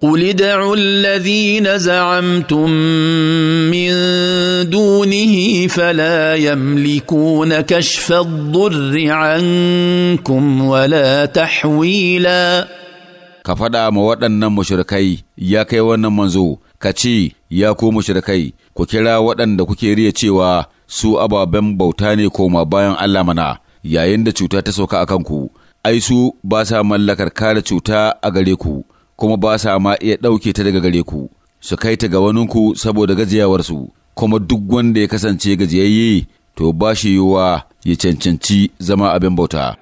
قل ادعوا الذين زعمتم من دونه فلا يملكون كشف الضر عنكم ولا تحويلا ka faɗa ma waɗannan mushrikai ya kai wannan manzo ka ce ya ku mushrikai ku kira waɗanda kuke riya cewa su ababen bauta ne koma bayan Allah mana yayin da cuta ta sauka a kanku ai su ba sa mallakar kare cuta a gare ku kuma ba sa ma iya ɗauke ta daga gare ku su kai ta ga waninku saboda gajiyawarsu kuma duk wanda ya kasance gajiyayye to ba shi yiwuwa ya cancanci zama abin bauta.